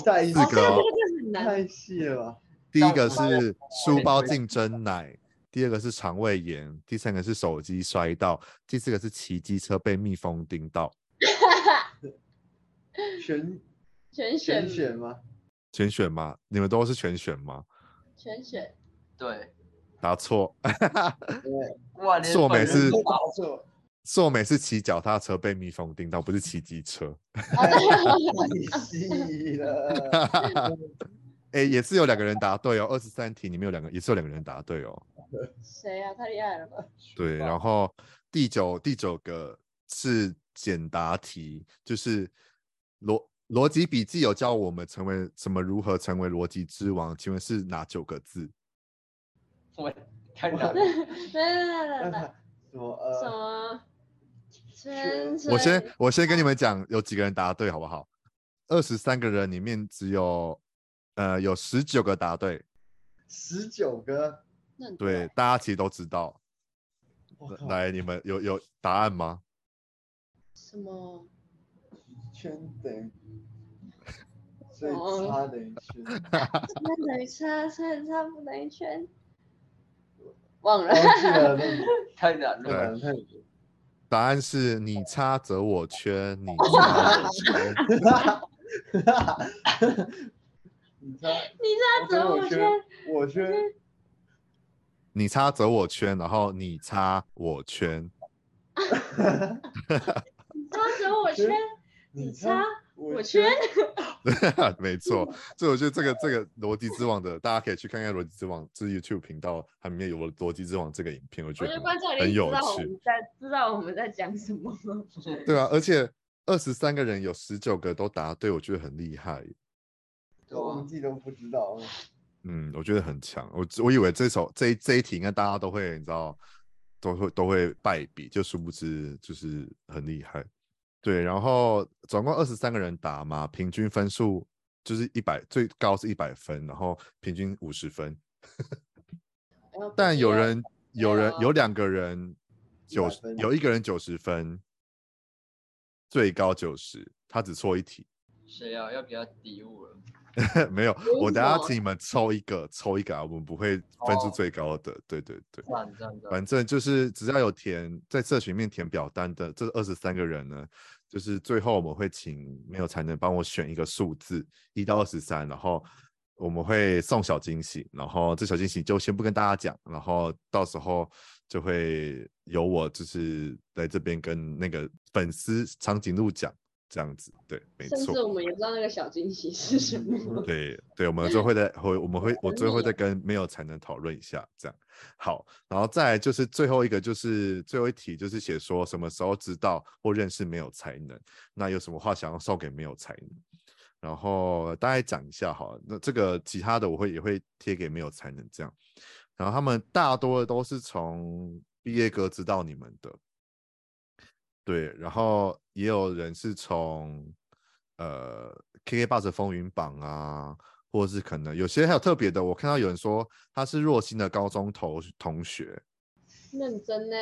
下一個，這個這個、難太細了。第一個是書包進蒸奶，第二個是腸胃炎，第三個是手機摔到，第四個是騎機車被蜜蜂叮到。 全全選，全選嗎？全選嗎？你們都是全選嗎？全選。對。答錯錯。 哇，連美都答錯。碩美是騎腳踏車被蜜蜂叮到，不是騎機車。可 惜、哎、 了。 哎，也是有兩個人答對哦，二十三題裡面有兩個，也是有兩個人答對哦。誰呀、啊？太厲害了吧？對，然後第九第九個是簡答題，就是邏邏輯筆記有教我們成為什麼？如何成為邏輯之王？請問是哪九個字？我看到了，來來來來，什麼？什麼？我先我先跟你們講，有幾個人答對好不好？二十三個人裡面只有。呃，有十九個答對，十九個對，大家其實都知道。來，你們有有答案嗎？什麼圈等於差等於圈，差差差不等於圈，忘了，太難了，對，答案是你插則我圈，你。你猜，你擦，走我圈；我圈，我圈你擦，走我圈。然後你擦，我圈。哈哈哈，你擦，走我圈；你擦，我圈。哈哈， 沒錯。所以我覺得這個這個邏輯之王的， 大家可以去看一下邏輯之王，這是 YouTube 頻道，它裡面有邏輯之王這個影片，我覺得很，覺得很有趣。在知道我們在講什麼？ 對啊，而且二十三個人有十九個都答對，我覺得很厲害。我們自己都不知道。嗯，我覺得很強。我我以為這首這這一題應該大家都會，你知道，都會都會敗筆，就殊不知就是很厲害。對，然後總共二十三個人答嘛，平均分數就是一百，最高是一百分，然後平均五十分。 哎啊、但有人有人有兩個人九十分，有一個人九十分，最高九十，他只錯一題。誰啊？要比較低我。了。 沒有，我等下請你們抽一個， 抽一個啊，我們不會分數最高的，哦、對對對，反正就是只要有填在社群面填表單的這二十三個人呢，就是最後我們會請沒有才能幫我選一個數字一到二十三，然後我們會送小驚喜，然後這小驚喜就先不跟大家講，然後到時候就會由我就是在這邊跟那個粉絲長頸鹿講。這樣子對，沒錯。甚至我們也不知道那個小驚喜是什麼。 對對，我們最後會再會，我們會 我最後會再跟沒有才能討論一下，這樣。好，然後再來就是最後一個，就是最後一題，就是寫說什麼時候知道或認識沒有才能，那有什麼話想要送給沒有才能？然後大概講一下好了，那這個其他的我會也會貼給沒有才能這樣。然後他們大多的都是從畢業歌知道你們的。對，然後也有人是從呃 KKBOX 風雲榜啊，或者是可能有些還有特別的。我看到有人說他是若心的高中同同學，認真呢。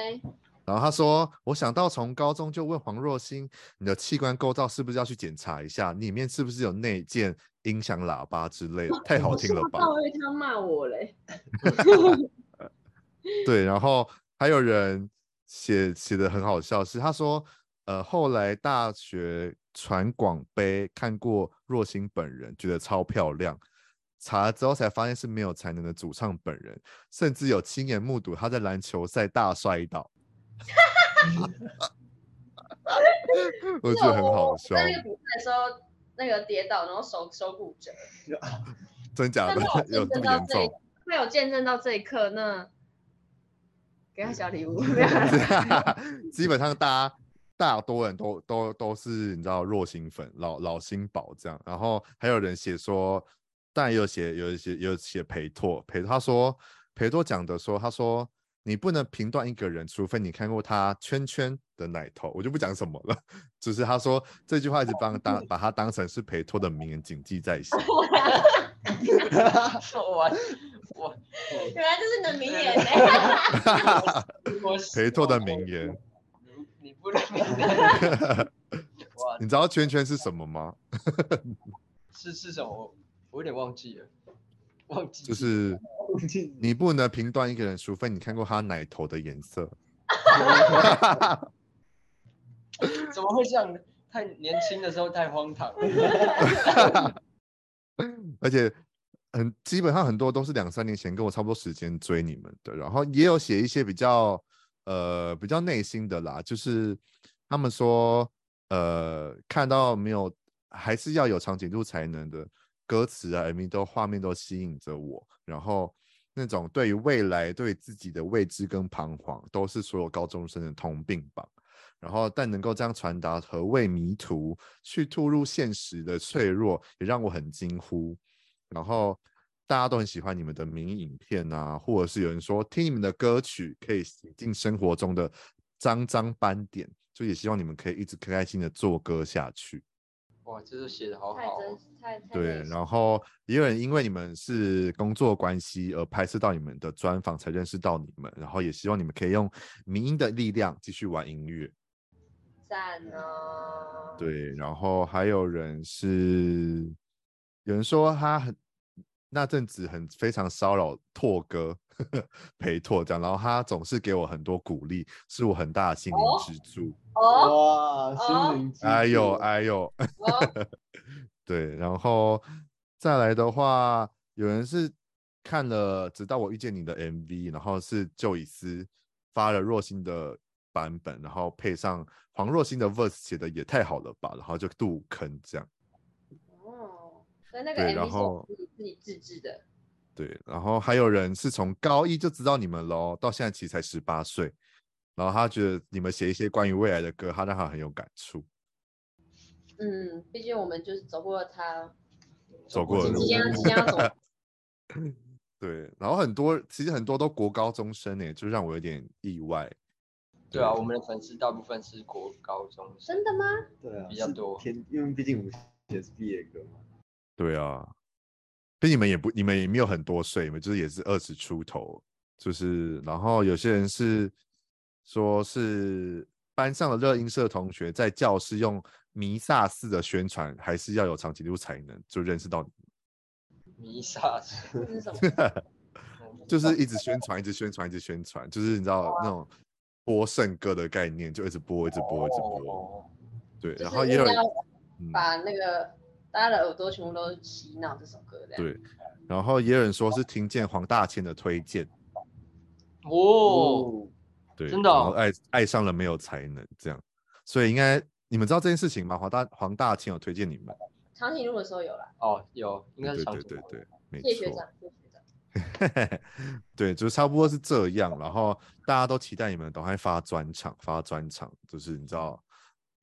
然後他說，我想到從高中就問黃若心，你的器官構造是不是要去檢查一下，你裡面是不是有內建音響喇叭之類的，太好聽了吧？我以為他要罵我嘞， 對，然後還有人。寫寫的很好笑是，是他說，呃，後來大學傳廣杯看過若星本人，覺得超漂亮，查了之後才發現是沒有才能的主唱本人，甚至有親眼目睹他在籃球賽大摔倒，我覺得很好笑，那個比賽的時候，那個跌倒，然後手手骨折， 真假的這 有這麼嚴重，沒有見證到這一刻那。給他小禮物， 啊、基本上大家大多人都都都是你知道，弱心粉、老老心寶這樣。然後還有人寫說，但也有寫有些有寫裴托裴，他說裴托講的說，他說你不能評斷一個人，除非你看過他圈圈的奶頭。我就不講什麼了，只是他說這句話一直幫他當把他當成是裴托的名言，謹記在心。 我我，我原來這是你的名言呢， 誰做的名言我，我你不能，哇，你知道圈圈是什麼嗎？ 是是什麼我？我有點忘記了，忘記就是記你不能評斷一個人，除非你看過他奶頭的顏色， 怎麼會這樣？太年輕的時候太荒唐。 而且很基本上很多都是兩三年前跟我差不多時間追你們的，然後也有寫一些比較呃比較內心的啦，就是他們說呃看到沒有，還是要有長頸鹿才能的歌詞啊，MV 都畫面都吸引着我，然後那種對於未來對自己的未知跟彷徨，都是所有高中生的通病吧。然後，但能夠這樣傳達何謂迷途，去吐露現實的脆弱，也讓我很驚呼。然後，大家都很喜歡你們的名影片啊，或者是有人說聽你們的歌曲可以洗淨生活中的髒髒斑點，所以也希望你們可以一直開心的作歌下去。哇，這都寫的好好，太真太對。然後，也有人因為你們是工作關係而拍攝到你們的專訪，才認識到你們。然後，也希望你們可以用民音的力量繼續玩音樂。贊哦！啊、對，然後還有人是有人說他很那陣子很非常騷擾拓哥呵呵陪拓這樣，然後他總是給我很多鼓勵，是我很大的心靈支柱。哦哦、哇，心靈支柱！哎呦哎呦！哎呦哦、 對，然後再來的話，有人是看了《直到我遇見你》的 MV，然後是就以斯發了若心的。版本。然後配上黃若欣的 verse 寫的也太好了吧，然後就杜坑這樣。哦，那那個 A C 對後是自己自制的。對，然後還有人是從高一就知道你們嘍，到現在其實才十八歲，然後他覺得你們寫一些關於未來的歌，他讓他很有感觸。嗯，畢竟我們就是走過了他，走過了他。對，然後很多其實很多都國高中生呢，就讓我有點意外。對啊，我們的粉絲大部分是國高中生。真的嗎？對啊，比較多。啊、因為畢竟我們也是畢業歌嘛。對啊，那你們也不，你們也沒有很多歲嘛，就是也是二十出頭。就是，然後有些人是說是班上的熱音社同學在教室用彌撒式的宣傳，還是要有長期度才能就認識到你們。彌撒式？ 就是一直宣傳，一直宣傳，一直宣傳，就是你知道、啊、那種。播聖歌的概念，就一直播，一直播，一直播。Oh. 對，然後也有人把那個、嗯、大家的耳朵全部都洗腦這首歌這。對，然後也有人說是聽見黃大謙的推薦。Oh. 對哦，對，真的，愛愛上了沒有才能這樣。所以應該你們知道這件事情嗎？黃大黃大謙有推薦你們長頸鹿的時候有啦。哦，oh, 有，應該是對,對對對，謝謝學長。 對，就差不多是這樣。然後大家都期待你們等會發專場，發專場，就是你知道，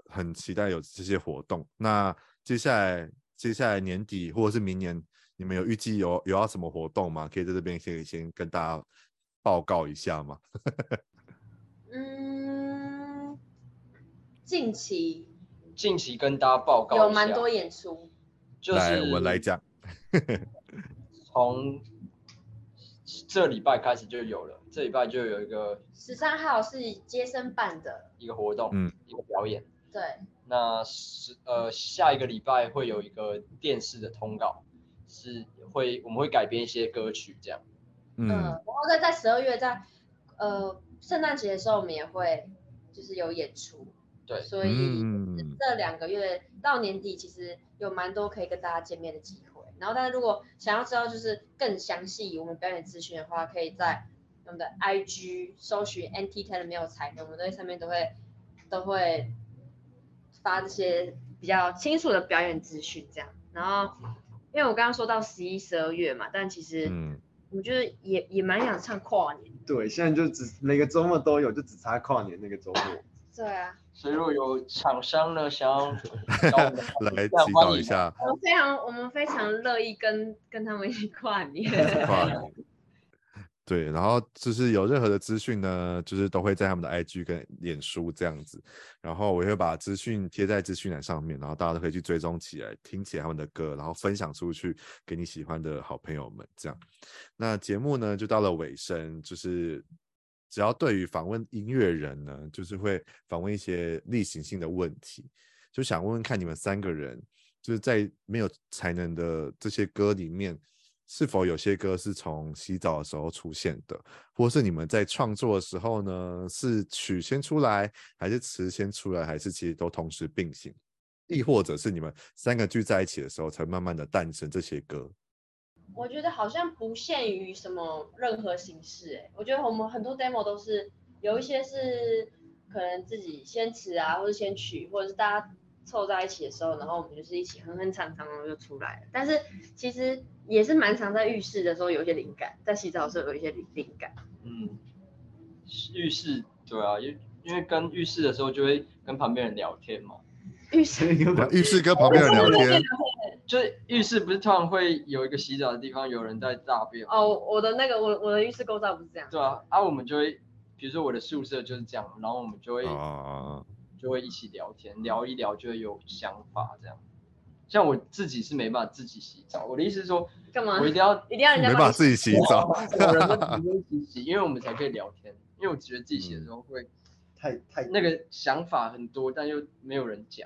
很期待有這些活動。那接下來，接下來年底或者是明年，你們有預計有有要什麼活動嗎？可以在這邊可以先跟大家報告一下嗎？ 嗯，近期，近期跟大家報告有蠻多演出，就是我們來講， 從。這禮拜開始就有了，這禮拜就有一個十三號是街聲辦的一個活動，嗯，一個表演，對，那十，呃，下一個禮拜會有一個電視的通告，是會我們會改編一些歌曲這樣，嗯，然後、呃、在在十二月在呃聖誕節的時候我們也會就是有演出，對，所以、嗯、這兩個月到年底其實有蠻多可以跟大家見面的機會。然後大家如果想要知道就是更詳細我們表演資訊的話，可以在我們的 IG 搜尋 NTT、嗯、尋 nt, 沒有才能。我們都在上面都會都會發這些比較清楚的表演資訊。這樣，然後因為我剛剛說到十一十二月嘛，但其實就是嗯，我覺得也也蠻想唱跨年。對，現在就只每個周末都有，就只差跨年那個周末。對啊，所以如果有廠商呢，想要的 來指導一下，歡迎我們非常我們非常樂意跟跟他們一起跨年 對，然後就是有任何的資訊呢，就是都會在他們的 IG 跟臉書這樣子，然後我會把資訊貼在資訊欄上面，然後大家都可以去追蹤起來，聽起來他們的歌，然後分享出去給你喜歡的好朋友們。這樣，那節目呢就到了尾聲，就是。只要對於訪問音樂人呢，就是會訪問一些例行性的問題，就想問問看你們三個人，就是在沒有才能的這些歌裡面，是否有些歌是從洗澡的時候出現的，或是你們在創作的時候呢，是曲先出來，還是詞先出來，還是其實都同時並行，亦或者是你們三個聚在一起的時候才慢慢的誕生這些歌。我覺得好像不限於什麼任何形式哎、欸，我覺得我們很多 demo 都是有一些是可能自己先吃啊，或者先取，或者是大家湊在一起的時候，然後我們就是一起哼哼唱唱然後就出來了。但是其實也是蠻常在浴室的時候有一些靈感，在洗澡的時候有一些靈靈感。嗯，浴室對啊，因因為跟浴室的時候就會跟旁邊人聊天嘛。 浴室跟旁邊人聊天。就是浴室不是通常會有一個洗澡的地方，有人在大便。哦，我的那個，我我的浴室構造不是這樣。對啊，啊，我們就會，比如說我的宿舍就是這樣，然後我們就會，啊、就會一起聊天，聊一聊就會有想法這樣。像我自己是沒辦法自己洗澡，我的意思是說，幹嘛？我一定要一定要人家。沒辦法自己洗澡，哈哈哈哈哈。我們一起洗，因為我們才可以聊天，因為我覺得自己洗的時候會，嗯、太太那個想法很多，但又沒有人講。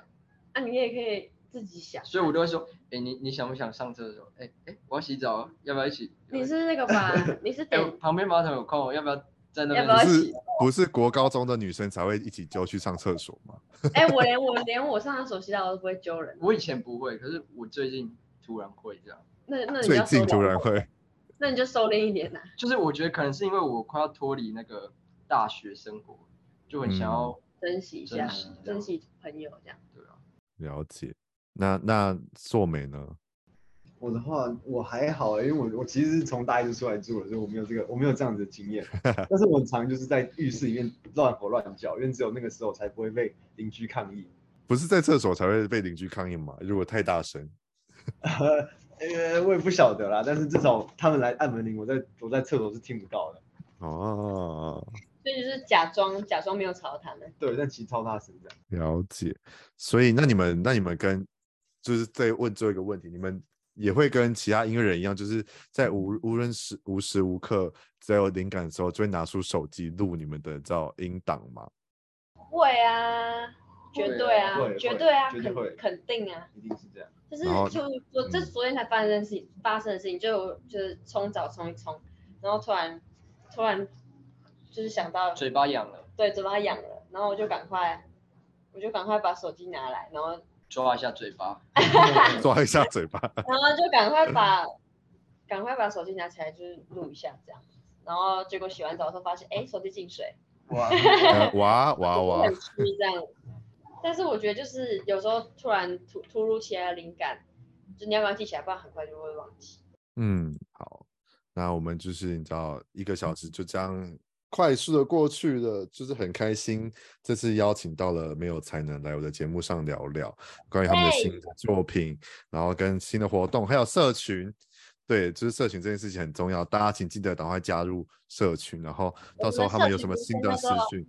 那、啊、你也可以。自己想，所以我就會說，哎，你你想不想上廁所？哎哎，我要洗澡，要不要一起？你是那個吧？你是。等旁邊馬桶有空，要不要？真的？要不要？不是不是國高中的女生才會一起揪去上廁所嗎？哎，我連我連我上廁所洗澡我都不會揪人。我以前不會，可是我最近突然會這樣。那那你最近突然會，那你就收斂一點吶。就是我覺得可能是因為我快要脫離那個大學生活，就很想要珍惜一下，珍惜朋友這樣。對啊，了解。那那做美呢？我的話我還好、欸，因為我我其實是從大一就出來住了，所以我沒有這個我沒有這樣子的經驗。 但是我很常就是在浴室裡面亂吼亂叫，因為只有那個時候才不會被鄰居抗議。不是在廁所才會被鄰居抗議嗎？如果太大聲、 呃，呃，我也不曉得啦。但是至少他們來按門鈴，我在我在廁所是聽不到的。哦、啊，所以就是假裝假裝沒有吵到他們。對，但其實超大聲的。了解。所以那你們那你們跟就是在問最後一個問題，你們也會跟其他音樂人一樣，就是在無無論是無時無刻，只要有靈感的時候，就會拿出手機錄你們的造音檔嗎？會啊，絕對啊，會會絕對啊，對啊肯肯定啊，一定是這樣。就是就我後這、嗯、這昨天才發生的事情，發生的事情就就是沖澡沖一沖，然後突然突然就是想到嘴巴癢了，對，嘴巴癢了，嗯、然後我就趕快我就趕快把手機拿來，然後。抓一下嘴巴， 抓一下嘴巴， 然後就趕快把趕快把手機拿起來，就是錄一下這樣。然後結果洗完澡的時候發現，哎、欸，手機進水，哇哇哇哇！呃、哇哇哇 很吃這樣，但是我覺得就是有時候突然突突如其來的靈感，就你要不要記起來，不然很快就會忘記。嗯，好，那我們就是你知道，一個小時就這樣。快速的過去的就是很開心，這次邀請到了沒有才能來我的節目上聊聊關於他們的新的作品，Hey. 然後跟新的活動，還有社群，對，就是社群這件事情很重要，大家請記得趕快加入社群，然後到時候他們有什麼新的資訊，Hey.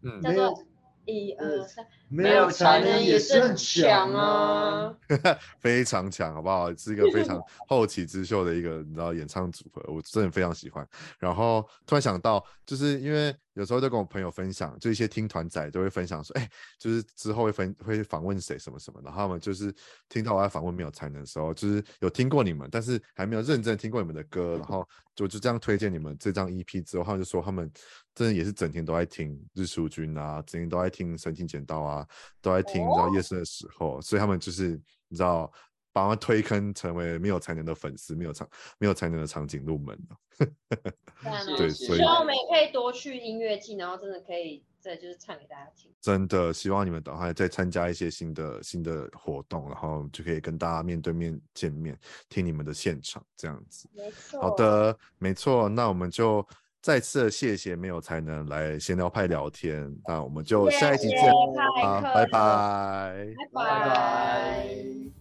嗯，沒有。一二三，2 1, 2, 3, 沒有才能也是很強啊， 非常強，好不好？是一個非常後起之秀的一個，你知道，演唱組合，我真的非常喜歡。然後突然想到，就是因為有時候就跟我朋友分享，就一些聽團仔都會分享說，哎，就是之後會分會訪問誰什麼什麼。然後他們就是聽到我在訪問沒有才能的時候，就是有聽過你們，但是還沒有認真聽過你們的歌，然後就就這樣推薦你們這張 EP 之後，他們就說他們。真的也是整天都在聽日出君啊，整天都在聽神經剪刀啊，都在聽，你知道，到夜色的時候，哦、所以他們就是你知道把他們推坑，成為沒有才能的粉絲，沒有才，沒有才能的場景入門了。是 對，是所以希望我們可以多去音樂季，然後真的可以再就是唱給大家聽。真的希望你們等會再參加一些新的新的活動，然後就可以跟大家面對面見面，聽你們的現場這樣子。沒錯好的，沒錯。那我們就。再次的謝謝沒有才能來閒聊派聊天，那我們就下一集見，拜拜，拜拜。Bye bye